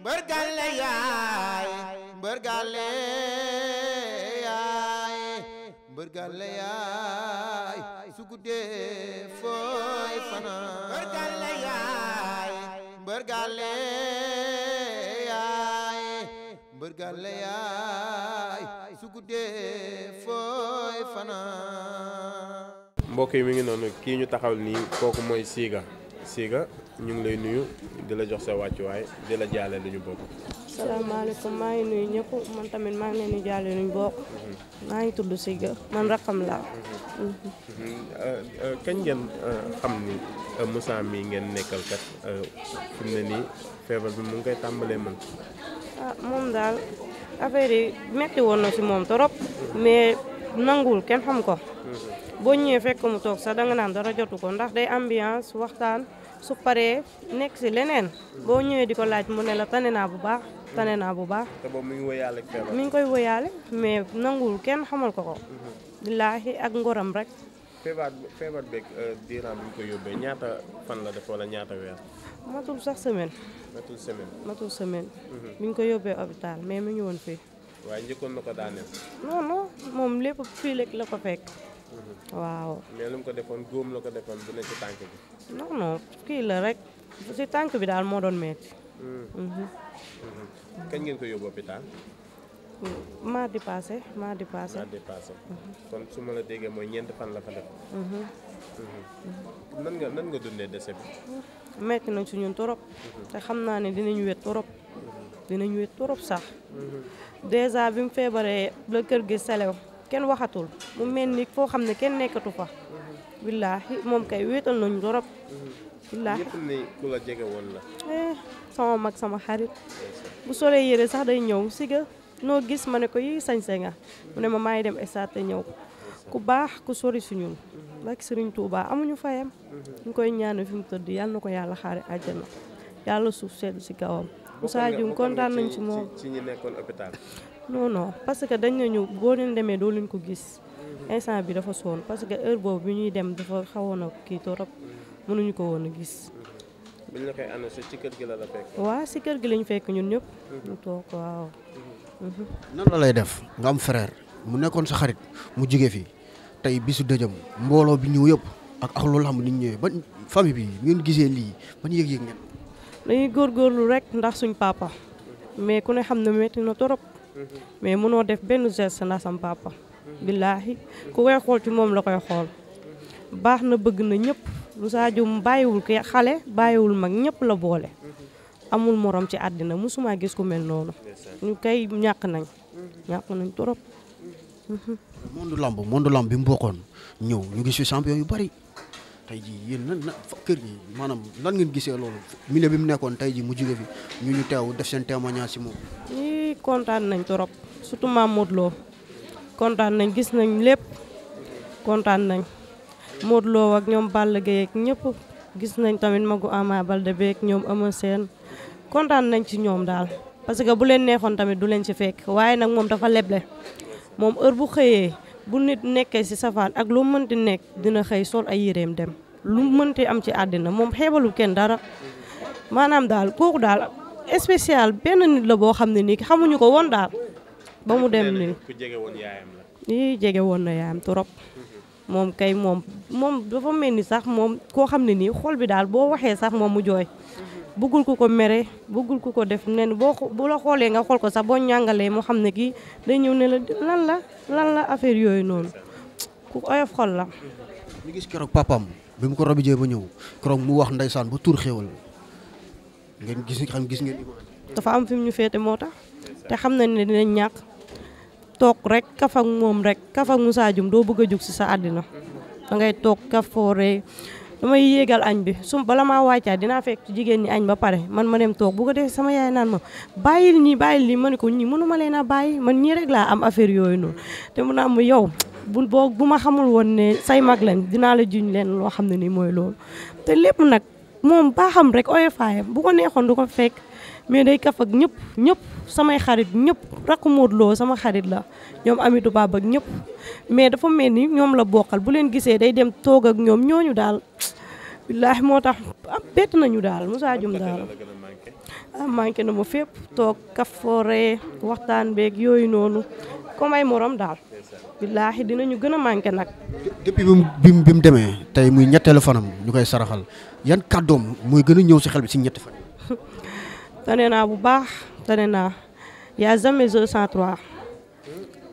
mbër gàlle yaay mbër gàlle yaay mbër fooy fanaan mbokk yi mi ngi noonu kii ñu taxawal nii kooku mooy Siga Siga ñu ngi lay nuyu di la jox sa wàccuwaay di la jaale lu ñu bokk. salaamaaleykum maa ngi nuyu ñëpp man tamit maa ngi leen di jaale lu ñu maa ngi tudd Siga man rakkam laa. Euh, kañ ngeen euh, xam ni euh, Moussa mii ngeen nekkal kat fi mu ne nii feebar bi mu ngi koy tàmbalee man. ah moom daal affaire yi metti woon na si moom trop. mais nanguwul kenn xam ko. boo ñëwee fekk mu toog sax danga naan dara jotu ko ndax day ambiance waxtaan su paree nekk si leneen boo ñëwee di ko laaj mu ne la tane naa bu baax tane naa bu baax. te boobu mi ngi woyaale feebar mi koy woyaale mais nanguwul kenn xamal ko ko. Mm-hmm. billaahi ak ngoram rek. feebar feebar beeg euh, diiran bi ñu koy yóbbee ñaata fan la def wala ñaata weer. matul sax semaine. matul semaine matul semaine. bi ñu ko yóbbee hôpital mais mu ñëwoon woon fii. waaye njëkkoon na ko daaneel. non moom lépp fii rek la ko fekk. waaw. mais lu ko defoon góom la ko defoon bu ne ci tànk bi. non non kii la rek si tànk bi daal moo doon metti. Hmm. Mhm. Hmm. kañ ngeen ko yóbbu hôpital. mardi passé mardi passé. mardi passé kon su ma la déggee mooy ñeent fan la fa def. Mhm. Hmm. nan nga nan nga dundee dese bi. metti nañ si ñun trop. te xam naa ne dinañ wet trop. dinañ wet trop sax. déjà bi mu feebaree la kër gi selew. kenn waxatul mu mel ni foo xam ne kenn nekkatu fa. billaahi moom kay wéetal nañu dorop. billaahi ñëpp ni woon la. Eh, sama mag sama xarit. bu solee yére sax day ñëw siga noo gis ma ne ko yi sañse nga mu ne ma maa ngi dem estaat te ñëw. ku baax ku sori suñun barke Sëriñ Tuubaa amuñu fayam. ñu koy ñaanal fi mu tëdd yàlla na ko yàlla xaare àjjana yàlla suuf sedd si kawam. Moussa Dioum kontaan nañ ci moom ci ñi non non parce que dañ nañu boo leen demee doo leen ko gis instant bi dafa soon parce que heure boobu bi ñuy dem dafa xawoon a kii torop mënuñu ko woon a gis. biñ la koy annoncé ci kër gi la la fekk. waaw si kër gi lañ fekk ñun ñëpp. Mhm. ñu toog waaw. Mhm. nan la lay def nga am frère mu nekkoon sa xarit mu jige fi tey bi su dëjëm mbooloo bi ñëw yëpp ak ak lu lamb ni ñëwee ba famille bi ngeen gisee lii ba ñu yëg-yëg ngeen. dañuy góorgóorlu rek ndax suñ papa mais ku ne xam ne métti na torop mais mënoo def benn geste na sam papa. billaahi ku koy xool ci moom la koy xool. baax na bëgg na ñëpp Moussa Dioum bàyyiwul ki xale bàyyiwul mag ñëpp la boole. amul morom ci àddina mosuma gis ku mel noonu. ñu kay ñàkk nañ. ñàkk nañ trop. monde lamb monde lamb bi mu bokkoon ñëw ñu gis fi champion yu bari tey jii yéen nan na kër gi maanaam lan ngeen gisee loolu milieu bi mu nekkoon tey jii mu jóge fi ñu ñu teew def seen témoignage ci moom. bëri kontaan nañ torop surtout maam Modou Lo kontaan nañ gis nañ lépp kontaan nañ Modou Lo ak ñoom Balla Gaye ak ñëpp gis nañ tamit magu Ama Baldé beek ñoom Ama Sène kontaan nañ ci ñoom daal parce que bu leen neexoon tamit du leen ci fekk waaye nag moom dafa leble moom heure bu xëyee bu nit nekkee ci safaan ak lu mënti nekk dina xëy sol ay yéreem dem lu mënti am ci àddina moom xeebalu kenn dara maanaam daal kooku daal spécial benn nit la boo xam ne nii xamuñu ko woon daal ba mu dem nii ku jege woon jege woon na yaayam trop moom kay moom moom dafa mel ni sax moom koo xam ne nii xool bi daal boo waxee sax moom mu jooy bëggul ku ko mere bëggul ku ko def nen boo bu la xoolee nga xool ko sax boo ñàngalee moo xam ne kii day ñëw ne la lan la lan la affaire yooyu noonu ku oyof xol la ñu gis keroog ko robijee ba ñëw keroog mu wax ndeysaan ba tur xéwal ngeen gis xam gis ngeen. dafa am fi ñu féete moo tax te xam nañ ne dina ñàkk toog rek kaf moom rek kaf ak Moussa Dioum doo bëgg a jug si sa àddina da ngay toog kafoore damay yéegal añ bi sum bala maa wàccaa dinaa fekk jigéen ñi añ ba pare man ma dem toog bu ko dee sama yaay naan ma bàyyil ñi bàyyil lii ma ne ko ñi mënuma leen a bàyyi man ñii rek laa am affaire yooyu noonu te mun a am yow bu boo bu ma xamul woon ne say mag lañ dinaa la juñ leen loo xam ne ni mooy loolu te lépp moom baaxam rek oyofaayam bu ko neexoon du ko fekk mais day kaf ñëpp ñëpp samay xarit ñëpp rakku Modou sama xarit la ñoom amitu baab ak ñëpp mais dafa mel ni ñoom la bokkal bu leen gisee day dem toog ak ñoom ñooñu daal billaahi moo tax ah, bett nañu daal Moussa Dioum daal ah manqué na ma fépp toog kafoore waxtaan beeg yooyu noonu comme ay morom daal. dina ñu gën a manqué nag. depuis bi mu bi demee tey muy ñetteelu fanam ñu koy saraxal yan kàddoom mooy gën a ñëw si xel bi si ñetti fan. tane naa bu baax tane naa yaa jamais 203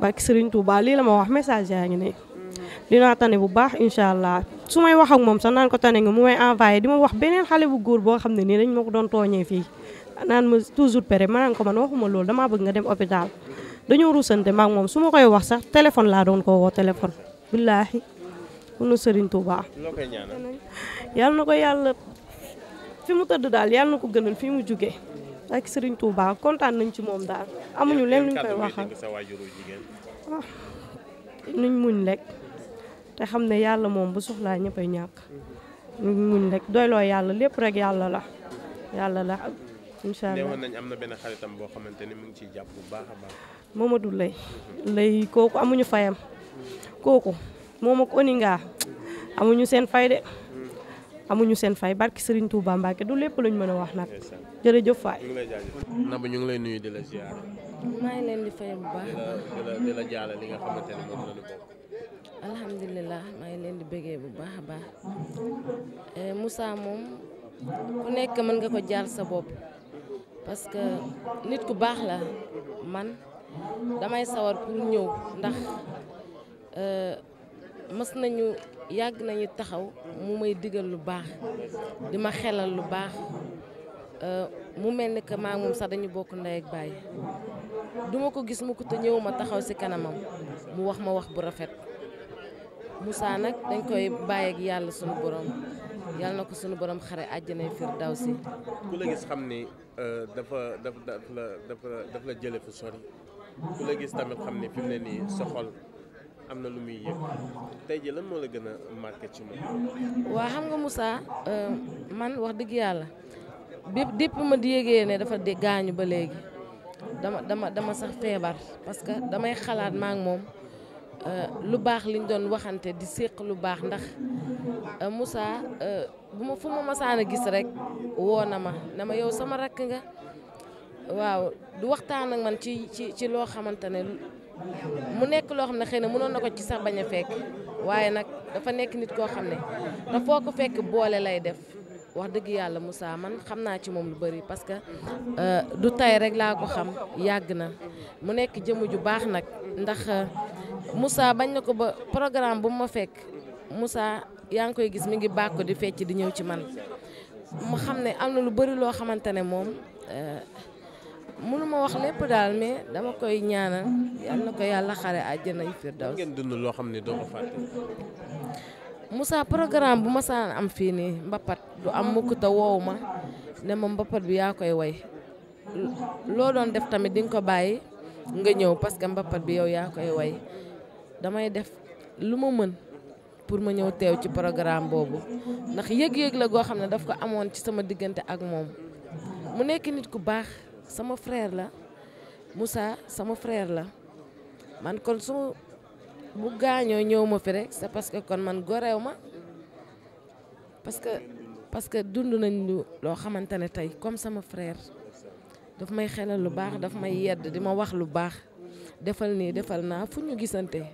barke Serigne Touba lii la wax message yaa ngi nii dinaa tane bu baax incha allah su may wax ak moom sa naan ko tane nga mu may envoyé di ma wax beneen xale bu góor boo xam ne nii dañ ma ko doon tooñee fii naan ma toujours pere ma naan ko ma man waxuma loolu damaa bëgg nga dem hôpital. dañoo ruusante maak moom su ma koy wax sax téléphone laa doon ko woo téléphone billaahi kunu sëriñ Tuubaa yàlla na ko yàlla fi mu tëdd daal yàlla na ko gënal fi mu jógee ak sëriñ Tuubaa kontaan nañ ci moom daal amuñu leen luñ koy waxal ah, nuñ muñ lekk te xam ne yàlla moom bu soxlaa ñëppay ñàkk nuñ muñ lekk doyloo yàlla lépp rek yàlla la yàlla la incha allah nañ am na benn xaritam boo xamante ni mu ngi ciy jàpp bu baax a baax. Mamadou Lay Lay kooku amuñu fayam kooku moom ak Oninga amuñu seen fay de amuñu seen fay barki sëriñ Touba Mbacke du lépp luñ mën a wax nag jërëjëf Faye. Nabou ñu ngi lay nuyu di la ziar. maa ngi leen di fay bu baax. di la di la xamante ne maa ngi leen di bëggee bu baax a baax eh, Moussa moom ku nekk mën nga ko jaar sa bopp. parce que nit ku baax la man damay sawar pour ñëw ndax euh, mës nañu yàgg nañu taxaw mu may digal lu baax di ma xelal lu baax euh, mu mel ni que maa sax dañu bokk ndey ak baay duma ko gis mu ko te ñëw ma taxaw ci kanamam mu wax ma wax bu rafet Moussa nag dañ koy bàyyi ak yàlla sunu borom yàlla na ko sunu boroom xare àjjana firdawsi ku la gis xam ni euh, dafa dafa dafa la dafa dafa la jële fu sori ku la gis tamit xam ni fi mu ne nii sa am na lu muy yëg tey ji lan moo la gën a marqué ci moom. waa xam nga Moussa euh, man wax dëgg yàlla bi dépp ma di yëgee ne dafa de gaañu ba léegi dama dama dama sax feebar parce damay xalaat ma ak moom. Euh, lu baax liñ doon waxante di séq lu baax ndax euh, Moussa euh, bu ma fu ma masaan a gis rek woo na ma ne ma yow sama rakk nga waaw du waxtaan ak man ci ci ci loo xamante ne mu nekk loo xam ne xëy na mënoon na ko ci sax bañ waaye nag dafa nekk nit koo xam ne foo ko fekk boole lay def wax dëgg yàlla Moussa man xam naa ci moom lu bëri parce que du tey rek laa ko xam yàgg na mu nekk jëmm ju baax nag ndax Moussa bañ na ko ba programme bu ma fekk Moussa yaa ngi koy gis mi ngi bàkku di fecc di ñëw ci man mu ne am na lu bëri loo xamante ne moom eh, mënu ma wax lépp mais dama koy ñaanal yal na ko yàlla xare àjjana yu firdaws ngeen dund loo xam ne doo programme bu ma am fii nii mbappat du am mukk te woowu ma ne ma bi yaa koy way loo doon def tamit di nga ko bàyyi nga ñëw parce que mbapat bi yow yaa koy woy damay def lu ma mën pour ma ñëw teew ci programme boobu ndax yëg-yëg la goo xam ne daf ko amoon ci sama diggante ak moom mu nekk nit ku baax sama frère la Moussa sama frère la man kon su bu gaañoo ñëw ma fi rek c'est parce que kon man goreew ma parce que parce que dund nañ lu loo xamante ne tey comme sama frère dafa may xelal lu baax daf may yedd di ma wax lu baax defal nii defal naa fu ñu gisante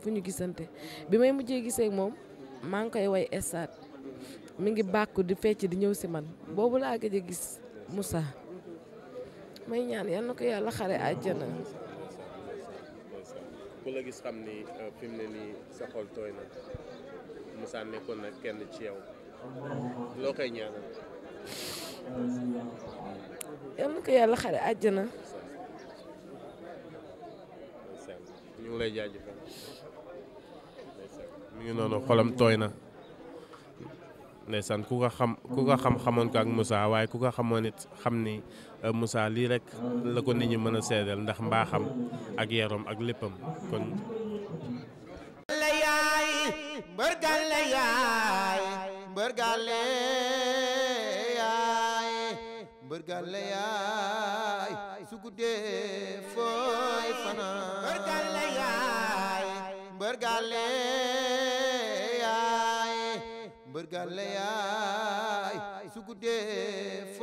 fu ñu gisante bi may mujjee gisee moom maa ngi koy way estaat mi ngi bàkku di fecc di ñëw si man boobu laa gëj a gis Moussa may ñaan yal na ko yàlla xare àjjana la gis xam ni euh, fi nii sa xol tooy na nekkoon na kenn ci yow loo koy ñaanal yal yàlla xare àjjana ñu ngi noonu xolam tooy na ndeysaan ku ko xam ku ko xamoon ko ak Moussa waaye ku ko xamoon it xam ni euh, Moussa lii rek la ko nit ñi mën a seedeel ndax mbaaxam ak yaram ak léppam kon su guddee fooy fanaan mbërgale yaay mbërgale yaay su guddee